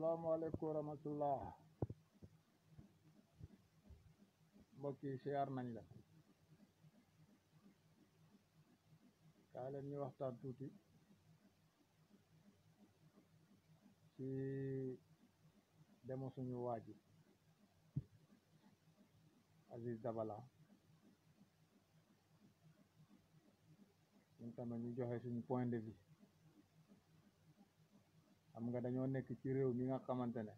salaamaaleykum wa rahmatullah mbokk yi siyaar nañ la kaa leen ñu waxtaan tuuti ci demo suñu waaji Aziz Dabala ñun tamit ñu joxe suñu point de vue xam nga dañoo nekk ci réew mi nga xamante ne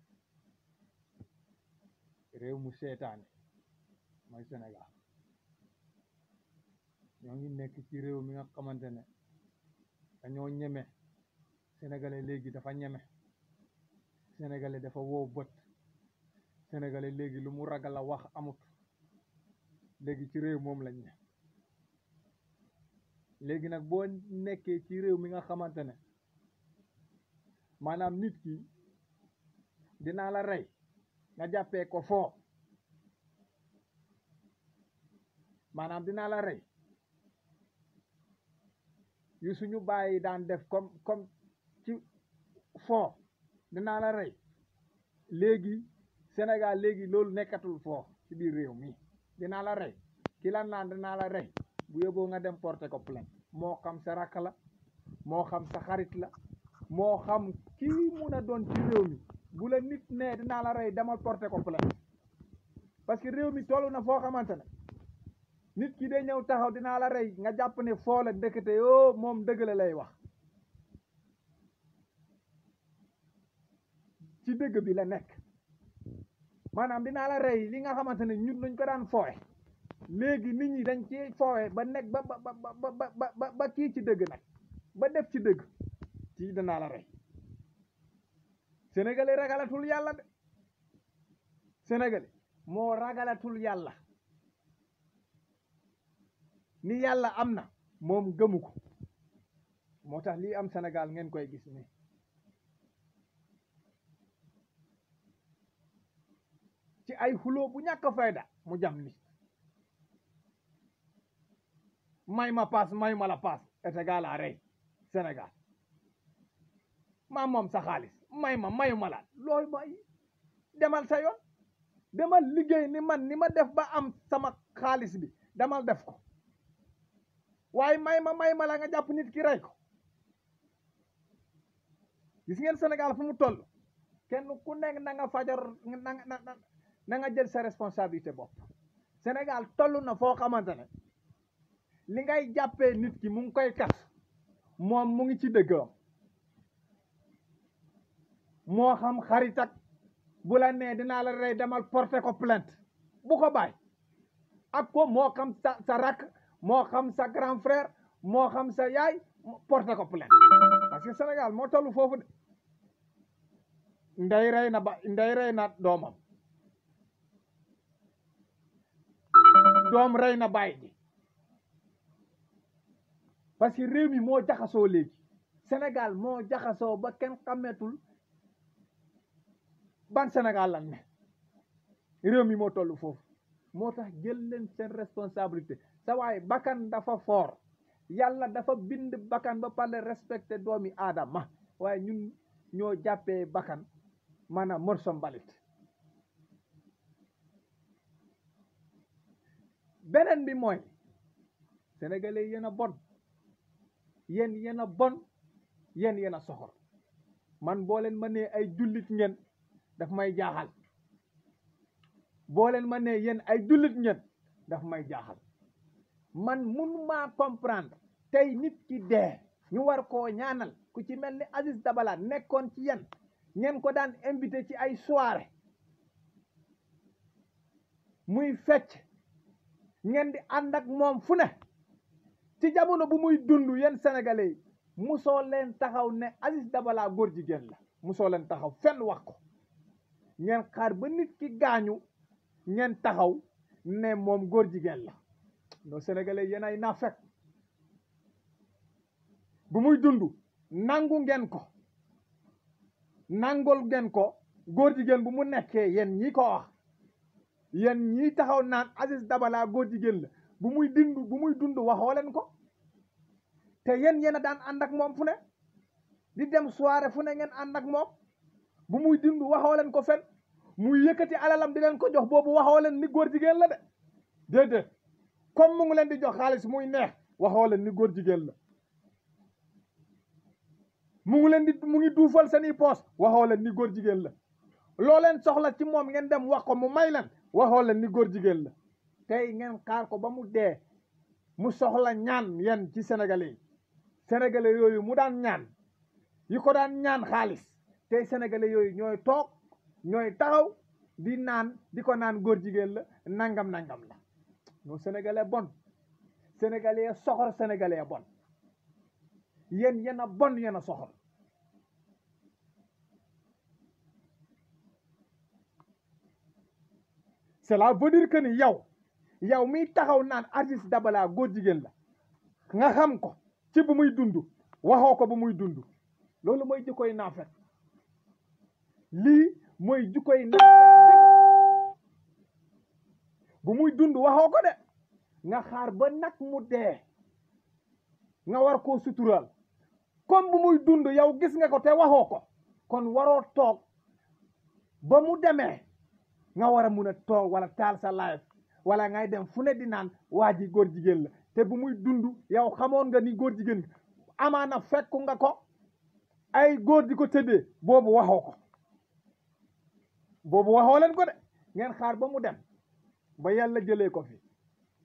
réew mu seetaane mooy Sénégal ñoo ngi nekk ci réew mi nga xamante ne dañoo ñeme sénégalais léegi dafa ñeme sénégalais dafa woo bët sénégalais léegi lu mu ragal a wax amut léegi ci réew moom lañ ne léegi nag boo nekkee ci réew mi nga xamante ne maanaam nit ki dinaa la rey nga jàppee ko foo maanaam dinaa la rey yu suñu bàyyi daan def kom comme ci foo dinaa la rey léegi Sénégal léegi loolu nekkatul foo ci biir réew mi dinaa la rey ki la naan dinaa la rey bu yóbboo nga dem porté ko plainte moo xam sa rakk la moo xam sa xarit la moo xam kii mun a doon ci réew mi bu la nit ne dinaa la rey dama porté ko plainte parce que réew mi toll na foo xamante nit ki day ñëw taxaw dinaa la rey nga jàpp ne foo la ndëkkate yoo moom dëgg la lay wax ci dëgg bi la nekk maanaam dinaa la rey li nga xamante ne ñun lañ ko daan foowe léegi nit ñi dañ ci foowe ba nekk ba ba ba ba ba ba kii ci dëgg nag ba def ci dëgg kii danaa la rey sénégalais ragalatul yàlla de sénégalais moo yàlla ni yàlla am na moom gëmu ko moo tax lii am Sénégal ngeen koy gis ni ci ay xuloo bu ñàkk fayda mu jam nit may ma paas may ma paas est égal Sénégal ma moom sa xaliss may ma mayu ma loy may demal sa yoon demal liggey ni man ni ma def ba am sama xaliss bi demal def ko waye may ma may ma nga japp nit ki ray ko gis ngeen senegal fu mu toll kenn ku nekk na nga fajar na nga na nga jël sa responsabilité bop senegal tollu na fo xamantene li ngay jappé nit ki mu ngi koy kas mom mu ngi ci deugam moo xam xarit ak bu la dinaa la rey demal porte ko plainte bu ko bàyyi ak moo xam sa sa rakk moo xam sa grand frère moo xam sa yaay porté ko plainte parce que Sénégal moo tollu foofu de ndey rey na doomam doom rey na baay parce que réew mi moo jaxasoo léegi Sénégal moo jaxasoo ba kenn xàmmeetul ban senegal lan ne réew mi moo tollu foofu moo tax jël leen seen responsabilité sa dafa for yàlla dafa bind bakkan ba pale respecté doomi aadama waaye ñun ñoo jàppee bakkan mana morso mbalit beneen bi mooy sénégalais yéen a bon yéen yéen a bon yéen yéen a soxor man boo leen ma ay jullit ngeen daf may jaaxal boo leen ma nee yenn ay jullit ñet daf may jaaxal man mun ma comprendre tey nit ki dee ñu war koo ñaanal ku ci mel ni Aziz Dabala nekkoon ci yéen ñeen ko daan invité ci ay soirée muy fecc ngeen di ànd ak moom fu ne ci jamono bu muy dund yéen sénégalais yi musoo leen taxaw ne Aziz Dabala góor jigéen la musoo leen taxaw fenn wax ko ngeen xaar ba nit ki gaañu ñeen taxaw ne moom góor jigéen la non sénégalais yéen ay naa fekk bu muy dund nangu ngeen ko nangol ngeen ko góor jigéen bu mu nekkee yéen ñi ko wax yen ñi taxaw naan Aziz Dabala góor jigéen la bu muy dund bu muy dund ko te yéen yéen a daan moom fu ne di dem soirée fu ne ngeen ànd ak moom bu muy dindu waxoo leen ko fen muy yëkkati alalam di leen ko jox boobu waxoo ni góor jigéen la de déedéet comme mu ngi leen di jox xaalis muy neex waxoo leen ni góor jigéen la mu ngi leen di mu ngi duufal seeni poos waxoo leen ni góor jigéen la loo leen soxla ci moom ngeen dem wax ko mu may leen waxoo leen ni góor jigéen la tey ngeen xaar ko ba mu dee mu soxla ñaan yeen ci sénégalais yi sénégalais yooyu mu daan ñaan yi ko daan ñaan xaalis tey sénégalais yooyu ñooy toog ñooy taxaw di naan di ko naan góor jigéen la nangam nangam la ñoo sénégalais bon sénégalais soxor sénégalais bon yéen yéen a bon yéen a soxor cela veut dire que ni yow yow miy taxaw naan Aziz Dabala góor jigéen la nga xam ko ci bu muy dund waxoo ko bu muy dund loolu mooy jikkoy naafet lii mooy jukkoy na bu muy dund waxoo ko de nga xaar ba nag mu dee nga war koo suturaal comme bu muy dund yow gis nga ko te waxoo ko kon waroo toog ba mu demee nga war a mun a toog wala taal sa live wala ngay dem fu ne di naan waa ji góor jigéen la te bu muy dund yow xamoon nga ni góor jigéen amaana fekku nga ko ay góor di ko tëddee boobu waxoo ko boobu waxo len ko de ngeen xaar ba mu dem ba yalla jele ko fi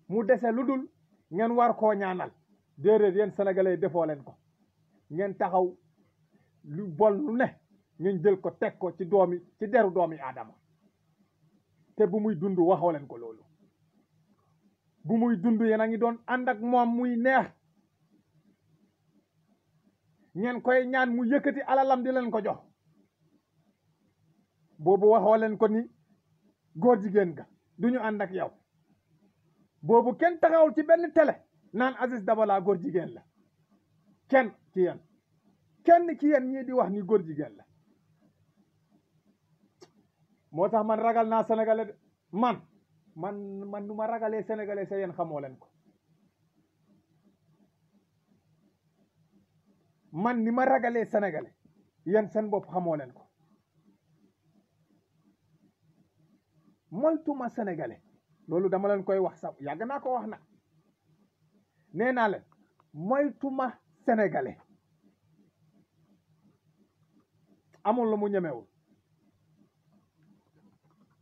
mu dese lu ngeen war ko ñaanal déedéet yeen sénégalais defo len ko ngeen taxaw lu bol lu ne ngeen jël ko tek ko ci doomi ci deru doomi adama te bu muy dundu waxo len ko lolu bu muy dundu yéen ngi doon and ak mom muy neex ñen koy ñaan mu yëkëti alalam di len ko jox boobu waxoo leen ko ni góor jigéen ga du ñu ànd ak yow boobu kenn taxawul ci benn tele naan Aziz Dabala góor jigéen la kenn ci yéen kenn ci yéen ñii di wax ni góor jigéen la moo tax man ragal naa sénégalais de man man nu ma ragalee sénégalais sa yéen xamoo leen ko man ni ma ragalee sénégalais yéen seen bopp xamoo leen ko moytuma sénégalais loolu dama leen koy wax saw yàgg naa ko wax na nee naa leen ma sénégalais amul lu mu ñemewul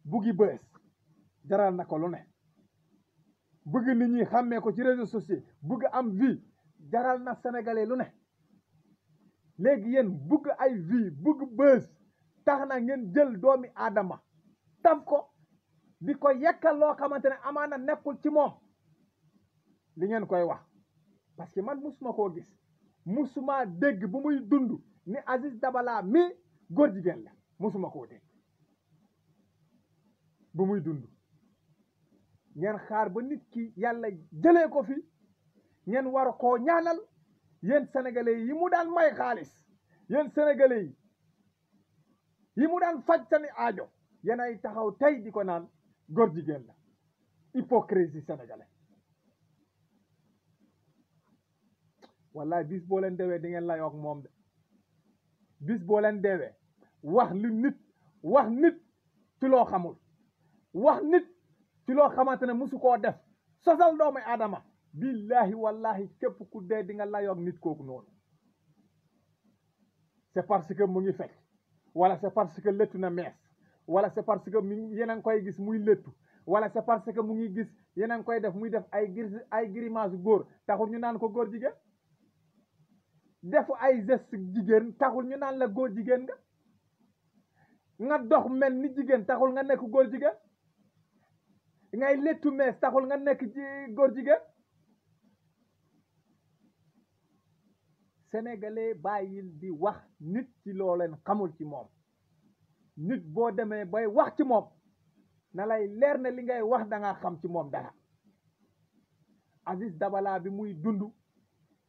buggi bës jaral na ko lu ne bëgg ni ñi xàmmee ko ci réseaux sociaux bëgg am vie jaral na sénégalais lu ne léegi yéen bëgg ay vie bëgg bës tax na ngeen jël doomi aadama tam ko di ko yekkal loo xamante ne amaana nekkul ci moom li ngeen koy wax parce que man musuma koo gis musuma dégg bu muy dund ni Aziz Dabala mi góor jigéen la musuma koo dégg bu muy dund ngeen xaar ba nit ki yàlla jëlee ko fi ngeen war koo ñaanal yéen sénégalais yi mu daan may xaalis yéen sénégalais yi yi mu daan faj seen aajo yéen ay taxaw tey di ko naan góor jigéen la hypocrisie sénégalais wallaay bisse boo leen deewee di ngeen layoog moom de bis boo leen deewee wax li nit wax nit ci loo xamul wax nit ci loo xamante ne musu koo def sosal doomu aadama billaahi wallahi képp ku dee di nga layoog nit kooku noonu c'est parce que mu ngi fekk wala c'est parce que lëttu na mees wala c'est parce que mi yeneen koy gis muy léttu wala c'est parce que mu ngi gis yéen koy def muy def ay gir ay grimace góor taxul ñu naan ko góor jigéen defu ay geste jigéen taxul ñu naan la góor jigéen nga nga dox mel ni jigéen taxul nga nekk góor jigéen ngay léttu mees taxul nga nekk góor jigéen sénégalais bàyyil di wax nit ci loo leen xamul ci moom nit boo demee bay wax ci moom na lay leer na li ngay wax da xam ci moom dara Aziz dabalaa bi muy dund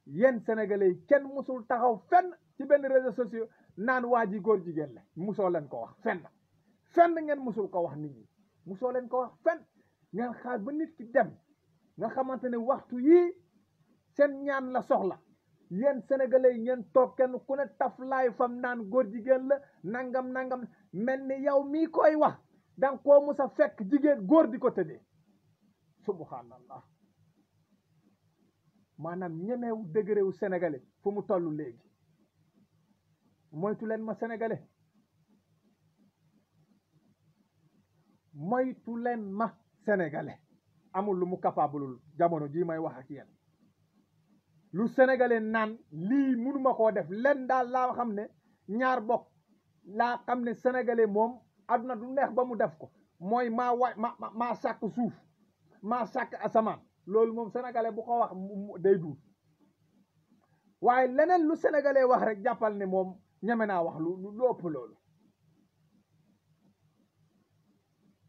yenn sénégalais yi kenn musul taxaw fenn ci benn réseaux sociaux naan waa ji góor jigéen la musoo leen ko wax fenn fenn ngeen musul ko wax nit ñi musoo leen ko wax fenn ngeen xaar ba nit ki dem nga xamante ne waxtu yii seen ñaan la soxla yéen sénégalais yi ngeen toog kenn ku ne taf fam naan góor jigéen la nangam nangam mel ni yow mii koy wax danga koo mus fekk jigéen góor di ko tëddee subhanallah maanaam ñemeewu dëgërewu sénégalais fu mu tollu léegi moytu leen ma sénégalais moytu leen ma sénégalais amul lu mu capableul jamono jii may wax ak yéen lu sénégalais naan lii mënuma koo def lenn daal laa xam ne ñaar bokk laa xam ne sénégalais moom aduna du neex ba mu def ko mooy maa wa ma maa sàkk suuf maa sàkk asamaan loolu moom sénégalais bu ko wax day duut waaye leneen lu sénégalais wax rek jàppal ne moom ñeme naa wax lu lu ëpp loolu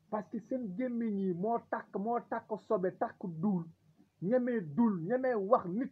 parce que seen gémmiñ yi moo takk moo takk sobe takk duul ñeme duul ñeme wax nit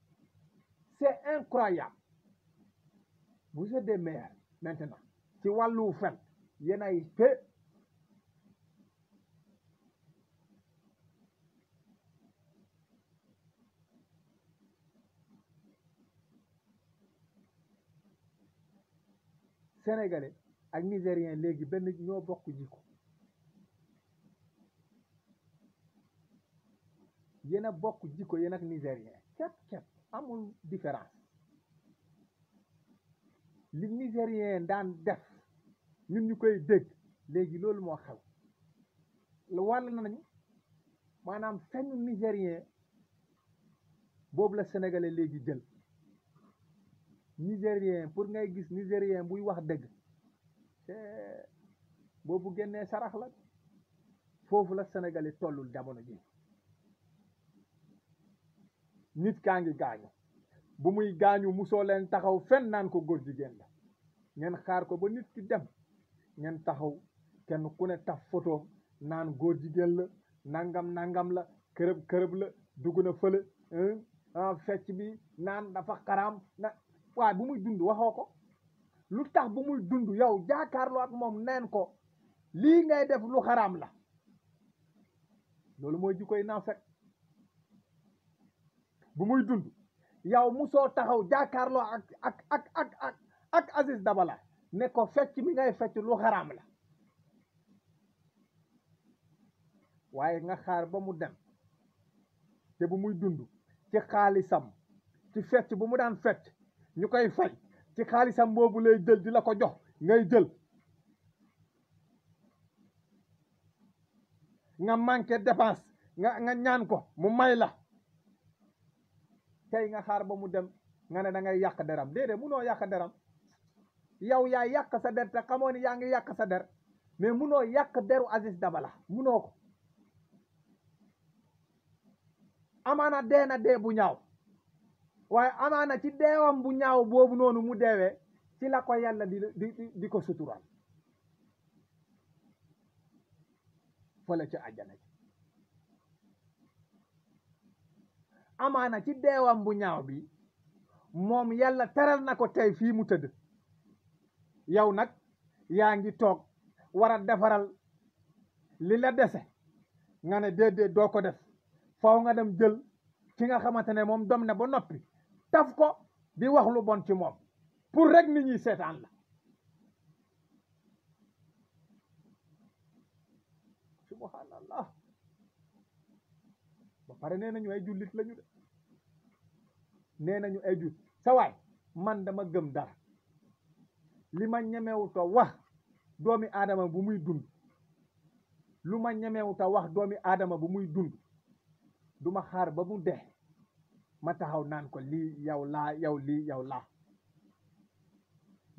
c'est incroyable vous êtes des maires maintenant ci wàllu fen yéen ay pe sénégalais ak nigérien léegi benn ñoo bokk jiko yéen a bokk jiko yéen ak nigérien képp képp amul différence li nigérien daan def ñun ñu koy dégg léegi loolu moo xew lu wàll nañu maanaam fenn nigérien boobu la sénégalais léegi jël nigérien pour ngay gis nigérien buy wax dëgg te boobu génnee sarax la foofu la sénégalais tollul jamono ji nit kaa ngi gaañu bu muy gaañu musoo leen taxaw fenn naan ko góor jigéen la ngeen xaar ko ba nit ki dem ngeen taxaw kenn ku ne taf photo naan góor jigéen la nangam nangam la kërëb kërëb la dugg na fële ah, fecc bi naan dafa xaraam na bu muy dund waxoo ko lu tax bu muy dund yow jaakaarloo ak moom neen ko lii ngay def lu xaraam la loolu mooy jikkoy naa fekk bu muy dund yow musoo taxaw jàkkaarloo ak ak ak ak ak ak Aziz Dabala ne ko fecc mi ngay fecc lu xaraam la waaye nga xaar ba mu dem te bu muy dund ci xaalisam ci fecc bu mu daan fecc ñu koy fay ci xaalisam boobu lay jël di la ko jox ngay jël nga manqué dépense nga ñaan ko mu may la tey nga xaar ba mu dem nga ne da ngay yàq deram déedéet noo yàq deram yow yaa yàq sa der te xamoo ni yaa ngi yàq sa der mais munoo yàq deru Aziz Dabala noo ko amaana dee na dee bu ñaaw waaye na ci deewam bu ñaaw boobu noonu mu deewee ci la ko yàlla di di di ko suturaal fële ca àjjana ci Amana ci deewam bu ñaaw bi moom yàlla teral na ko tey fii mu tëdd yow nag yaa ngi toog war a defaral li la dese nga ne déedéet doo ko def faw nga dem jël ki nga xamante ne dom ne ba noppi taf ko di wax lu bon ci moom pour rek nit ñi seetaan la subhanallah ba pare nee nañu ay jullit lañu de nee nañu ay jur sawaay man dama gëm dara li ma ñemewuta wax doomi aadama bu muy dund lu ma ñemewuta wax doomi aadama bu muy dund duma xaar ba mu dee ma taxaw naan ko lii yow laa yow lii yow laa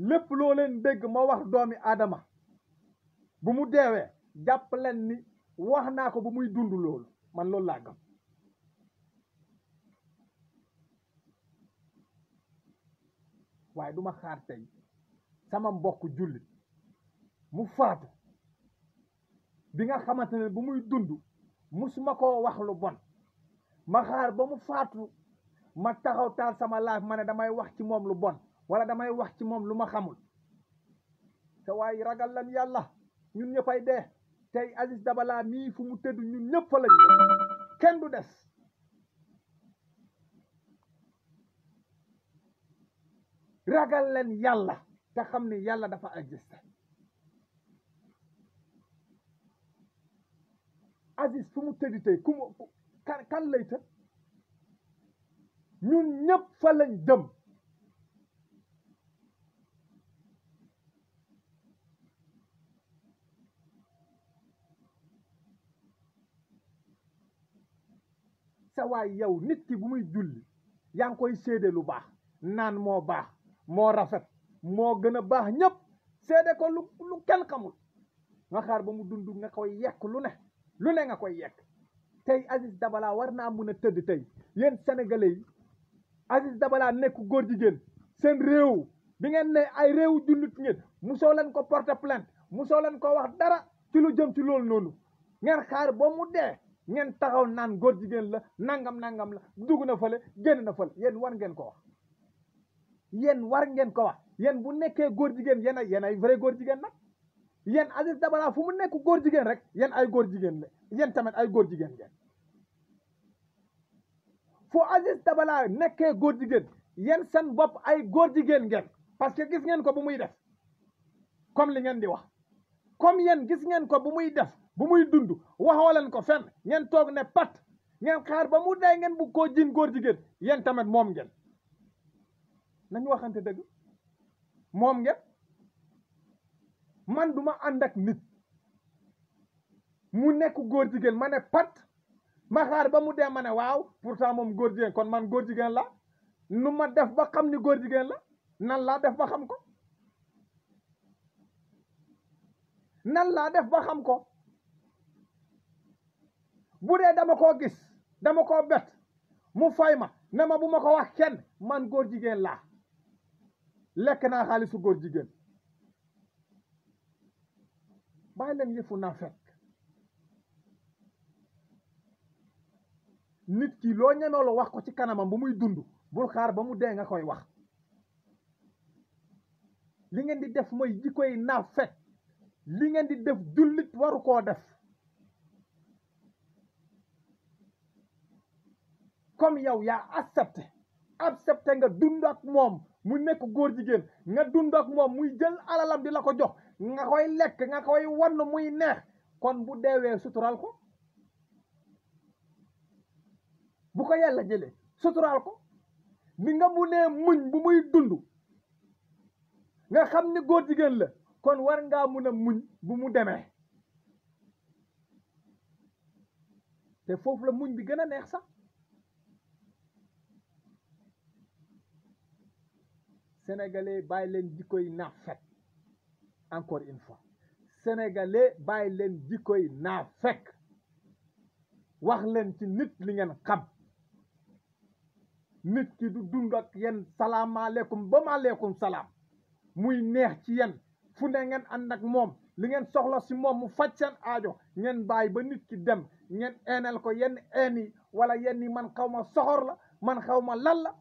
lépp loo leen dégg ma wax doomi aadama bu mu deewee jàpp leen ni wax naa ko bu muy dund lool man loolu laa gëm waaye duma xaar tey sama mbokk jullit mu faatu bi nga xamante ne bu muy dund musuma koo wax lu bon ma xaar ba mu faatu ma taxaw sama laaf ma ne damay wax ci moom lu bon wala damay wax ci moom lu ma xamul te waaye ragal lan yàlla ñun ñëppay dee tey Aziz Dabala mii fu mu tëdd ñun ñëpp fa lañu kenn du des ragal leen yàlla te xam ne yàlla dafa existé Aziz fu mu tëddi tey ku mu kan ñun ñëpp fa lañ jëm sawa waay yow nit ki bu muy julli yaa ngi koy séede lu baax naan moo baax moo rafet moo gën a baax ñëpp sede ko lu lu kenn xamul xaar ba mu dund nga ko yekk lu ne lu ne nga koy yekk tey Aziz dabalaa war naa mun a tëdd tey yéen sénégalais yi Aziz Dabala nekk góor jigéen seen réew bi ngeen ne ay réewu jullit ngeen musoo leen ko porter plainte musoo leen ko wax dara ci lu jëm ci loolu noonu ngeen xaar boo mu dee ngeen taxaw naan góor jigéen la nangam nangam la dugg na fële génn na fële yéen war ngeen ko wax yéen war ngeen ko wax yéen bu nekkee góor jigéen yéen ay yéen ay vrai góor jigéen nag yéen Aziz Dabala fu mu nekk góor jigéen rek yéen ay góor jigéen la yéen tamit ay góor jigéen ngeen fu Aziz Dabala nekkee góor jigéen yéen seen bopp ay góor jigéen ngeen parce que gis ngeen ko bu muy def comme li ngeen di wax comme yéen gis ngeen ko bu muy def bu muy dund waxoo leen ko fenn ngeen toog ne pat ngeen xaar ba mu dee ngeen bu koo jin góor jigéen yéen tamit moom ngeen nañu waxante dëgg moom ngeen man duma ànd ak nit mu nekk góor jigéen ma ne pat ma xaar ba mu dee ma ne waaw pourtant moom góor jigéen kon man góor jigéen la nu ma def ba xam ni góor jigéen la nan laa def ba xam ko nan laa def ba xam ko bu dee dama koo gis dama koo bet mu fay ma ne ma bu ma ko wax man góor jigéen laa lekk naa xaalisu góor jigéen bàyyi leen yëfu naa nit ki loo ñemeelu wax ko ci kanamam bu muy dund bul xaar ba mu dee nga koy wax li ngeen di def mooy jikkoy naa li ngeen di def jullit waru koo def comme yow yaa accepté accepté nga dund ak mom mu nek goor jigen nga dund ak mom muy jël alalam di la ko jox nga koy lek nga koy won muy neex kon bu dewe sutural ko bu ko yalla jëlee sutural ko mi nga mu muñ bu muy dund nga xamni goor jigen la kon war nga mu na muñ bu mu demee te fofu la muñ bi gëna neex sax sénégalais bàyyi leen jikkoy naafeq encore une fois bàyyi leen jikkoy naafeq wax leen ci nit li ngeen xam nit ki du dund ak yéen salaamaaleykum ba maaleykum salaam muy neex ci yéen fu ne ngeen ànd ak moom li ngeen soxla si moom mu faj seen aajo ngeen bàyyi ba nit ki dem ngeen eenal ko yenn een wala yenn yi man xaw ma soxor la man xaw ma lan la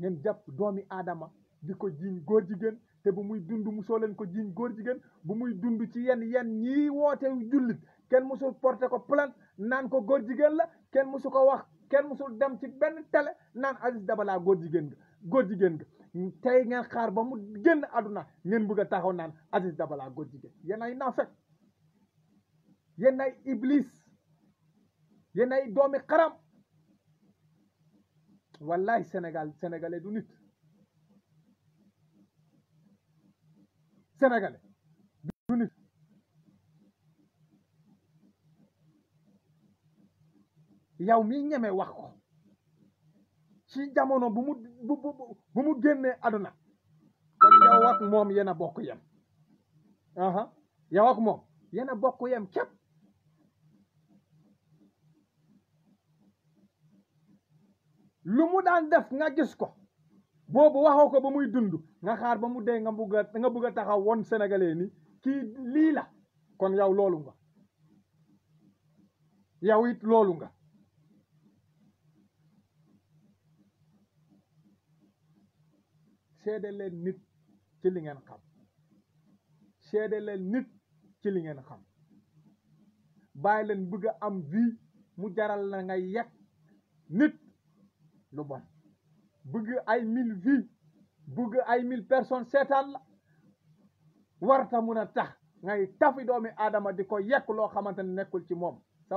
ngeen jàpp doomi aadama di ko jiiñ góor jigéen te bu muy dund musoo leen ko jiiñ góor jigéen bu muy dund ci yenn yenn ñii woote jullit kenn musul porté ko plainte naan ko góor jigéen la kenn musu ko wax kenn musul dem ci benn télé naan Aziz Dabala góor jigéen nga góor jigéen nga tey ngeen xaar ba mu génn àdduna ngeen bëgg taxaw naan Aziz Dabala góor jigéen yéen ay naafeq yéen ay iblis yéen ay doomi xaram wallaay senegal sénégalais du nit sénégalais du nit yow mi ñeme wax ko ci jamono bu mu bu bu mu génnee aduna kon yow moom yéen a bokk yem aha yow ak moom yéen a bokk yem képp lu mu daan def nga gis ko boobu waxoko ba muy dund nga xaar ba mu dee nga bugg nga bugg taxaw won sénégalais ni ki lii la kon yow loolu nga yow it loolu nga seede nit ci li ngeen xam seede nit ci li ngeen xam bàyyi leen bëgg am vie mu jaral la nga nit lu bon bëgg ay mille vies bëgg ay mille personnes seetaan la warta mun a tax ngay tafi doomi aadama di ko yekk loo xamante nekkul ci moom sa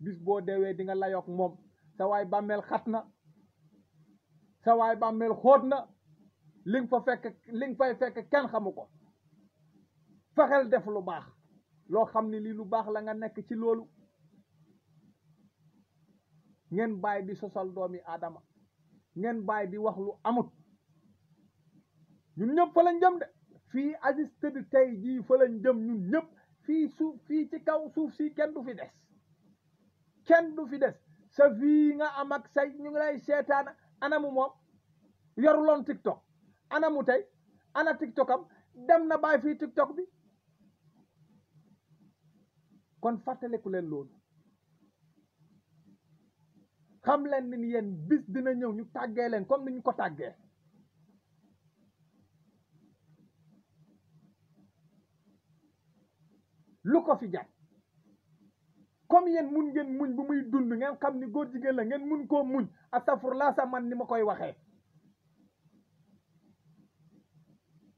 bis boo deewee di nga layoog moom sa waay bàmmeel xat na sa waay bàmmeel na li nga fa fekk kenn xamu ko fexeel def lu baax loo xam ne lii lu baax la nga nekk ci loolu ngeen baay bi sosal doomi adama ngeen baay bi wax lu amut ñun ñëpp fa lañ jëm de fii Aziz tey jii fa lañ jëm ñëpp fii suuf fii ci kaw suuf si kenn du fi des kenn du fi des sa vie nga am ak say ñu ngi lay seetaan anamu moom yoruloon tiktok anamu tey ana tiktok am dem na bàyyi fii tiktok bi kon fàttaleku leen loolu xam leen ni yéen bis dina ñëw ñu tàggee leen comme ni ñu ko tàggee lu ko fi jar comme yéen mun ngeen muñ bu muy dund ngeen xam ni góor jigéen la ngeen mun koo muñ astafur laa sa man ni ma koy waxee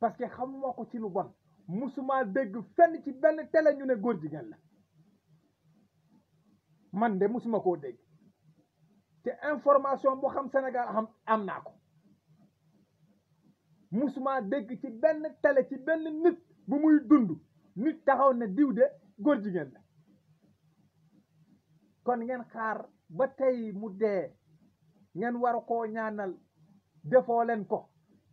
parce que moo ko ci lu bon musuma dégg fenn ci benn tele ñu ne góor jigéen la man de musuma koo dégg te information bu xam Sénégal am naa ko musuma dégg ci benn télé ci benn nit bu muy dund nit taxaw ne diw de góor jigéen la kon ngeen xaar ba tey mu dee ngeen war ko ñaanal defoo ko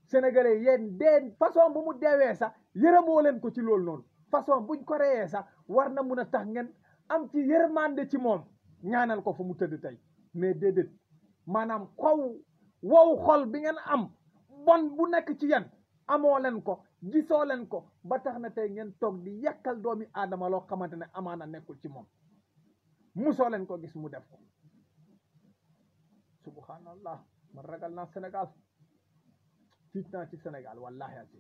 sénégalais yéen dee façon bu mu deewee sax yërëmoo leen ko ci loolu noonu façon buñ ko reyee sax war na mun a tax ngeen am ci yërmande ci moom ñaanal ko fu mu tëdd tey mais déedéet maanaam xaw wow xol bi ngeen am bon bu nekk ci yéen amoo leen ko gisoo leen ko ba tax na tey ngeen toog di yàkkal doomi aadama loo xamante ne a nekkul ci moom musoo leen ko gis mu def ko subhanallah man ragal naa Sénégal tiit naa ci senegal wallahi asi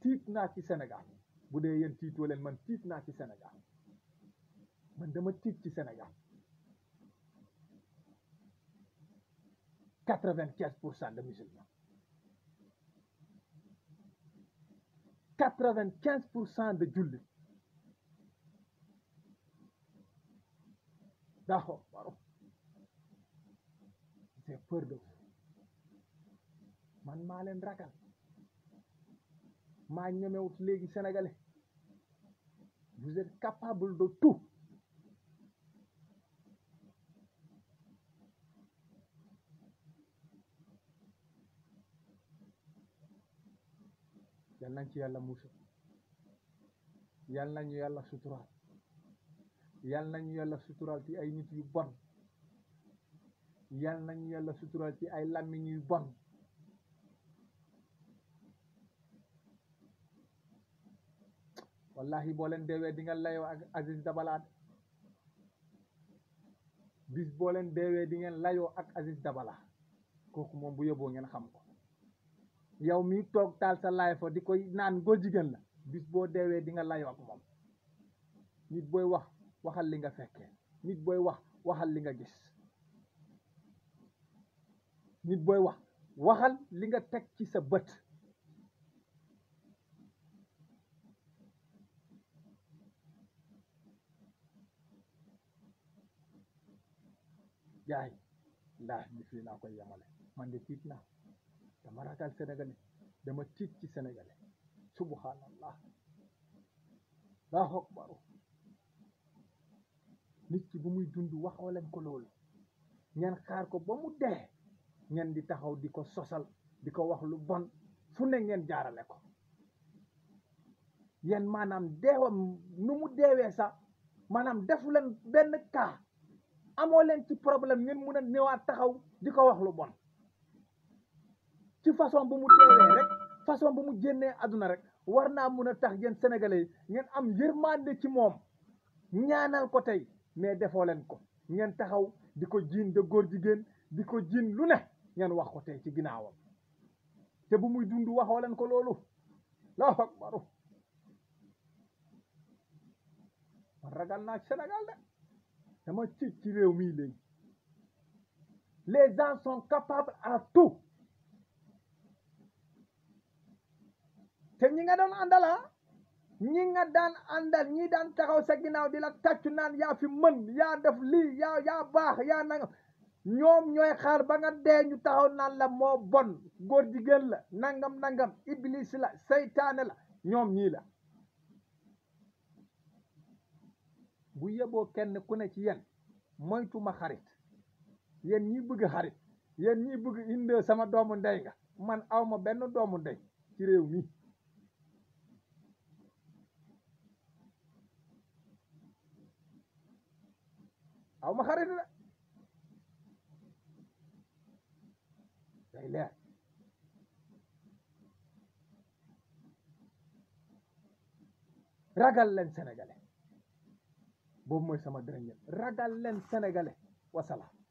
tiit naa ci senegal bu dee yéen tiitoo leen man tiit naa ci senegal man dama tiit ci Sénégal quatre-vingt-quinze pour cent de musulmans quatre-vingt-quinze pour cent de jullit d'accord waaw j'ai peur de vous man maa leen ragal maa ñemewut léegi sénégalais vous êtes capable de tout yal nañ ci yàlla musa yal nañu yàlla suturaal yal nañu yàlla suturaal ci ay nit yu bon yal nañu yàlla suturaal ci ay làmmiñ yu bon wallahi boo leen deewee di nga layoo ak Aziz Dabala bis boo leen deewee di ngeen layoo ak Aziz Dabala kooku moom bu yóbboo ngeen xam ko yow mi toog taal sa laay fa di koy naan góor jigéen la bis boo deewee di nga layoo ak moom nit booy wax waxal li nga fekkee nit booy wax waxal li nga gis nit booy wax waxal li nga teg ci sa bët jaay laa bi fii laa koy yemale man de tiit naa dama ragal sénégalais dama tiit ci sénégalais subhanallah allahu akbar nit ki bu muy dund waxoo leen ko loolu ngeen xaar ko ba mu dee ngeen di taxaw di ko sosal di ko wax lu bon fu ne ngeen jaarale ko yéen maanaam deewam nu mu deewee sax maanaam defu leen benn cas amoo leen ci problème ngeen mun a ñëwaat taxaw di ko wax lu bon ci façon bu mu teewee rek mu génnee àdduna rek war naa mun a tax yéen sénégalais yi ngeen am yërmande ci moom ñaanal ko tey mais defoo leen ko ngeen taxaw di ko jiin de góor jigéen di ko jiin lu ne ngeen wax ko tey ci ginnaawam te bu muy dund waxoo leen ko loolu la wax baru man ragal naa Sénégal de dama ci ci réew mii lé les gens sont capables à te ñi nga doon àndala ah? ñi nga daan àndal ñi daan taxaw sa ginnaaw di la tàccu naan yaa fi mën yaa def lii yaa yaa baax yaa nanga ñoom ñooy xaar ba nga dee ñu taxaw naan la moo bon góor jigéen la nangam nangam iblis la seytaane la ñoom ñii la bu yeboo kenn ku ne ci moytu ma xarit yéen ñi bëgg xarit yéen ñi bëgg indee sama doomu ndey nga man awma benn doomu ndey ci réew mi aw ma xarit la day leer ragal leen sénégalais boobu mooy sama dernier ragal leen sénégalais wasalaam